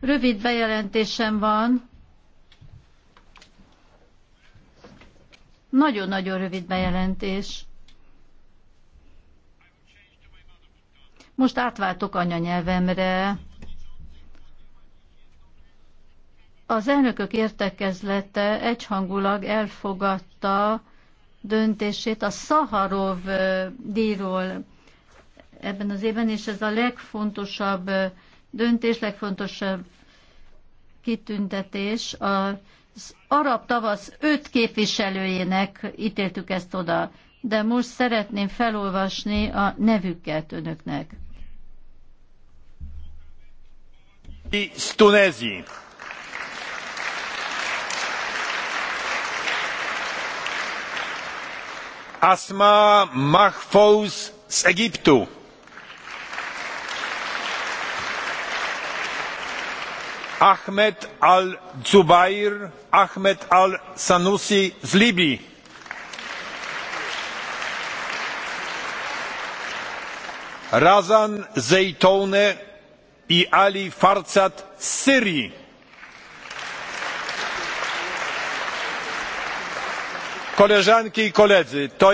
Rövid bejelentésem van. Nagyon-nagyon rövid bejelentés. Most átváltok anyanyelvemre. Az elnökök értekezlete egyhangulag elfogadta döntését a Szaharov díjról ebben az évben, és ez a legfontosabb döntés, legfontosabb kitüntetés. Az arab tavasz öt képviselőjének ítéltük ezt oda, de most szeretném felolvasni a nevüket önöknek. Stunezi. Asma Mahfouz z Egiptu. Ahmed al-Zubair Ahmed al-Sanusi z Libii. Razan Zeytoune i Ali Farzad z Syrii. Koleżanki i koledzy, to...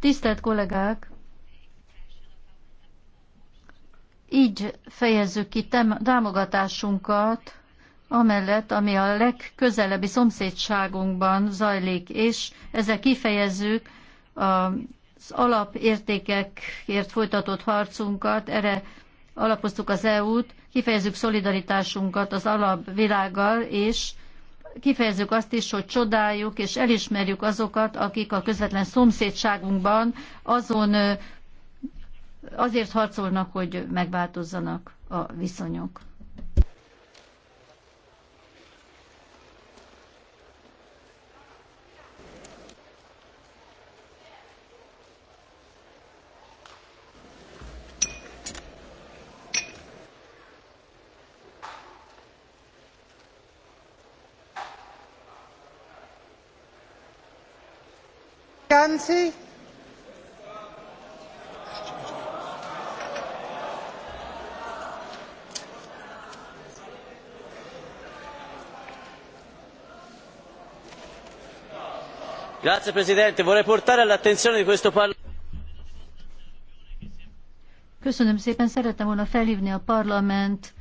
Tisztelt kollégák! Így fejezzük ki támogatásunkat amellett, ami a legközelebbi szomszédságunkban zajlik, és ezzel kifejezzük az alapértékekért folytatott harcunkat, erre alapoztuk az EU-t, kifejezzük szolidaritásunkat az alapvilággal, és kifejezzük azt is, hogy csodáljuk és elismerjük azokat, akik a közvetlen szomszédságunkban azon azért harcolnak, hogy megváltozzanak a viszonyok. Ganzi. Grazie Presidente, vorrei portare all'attenzione di questo Parlamento. Köszönöm szépen, szerettem volna felhívni a parlament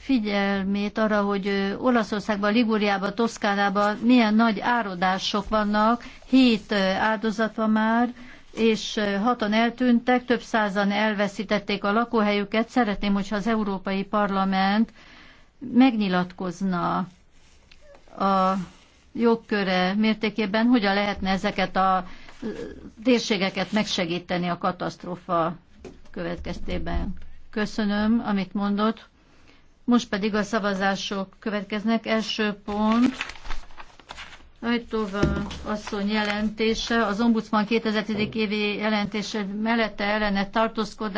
figyelmét arra, hogy Olaszországban, Liguriában, Toszkánában milyen nagy árodások vannak, hét áldozat van már, és hatan eltűntek, több százan elveszítették a lakóhelyüket. Szeretném, hogyha az Európai Parlament megnyilatkozna a jogköre mértékében, hogyan lehetne ezeket a térségeket megsegíteni a katasztrófa következtében. Köszönöm, amit mondott. Most pedig a szavazások következnek. Első pont, Ajtóva asszony jelentése, az ombudsman 2010. évi jelentése mellette ellene tartózkodás.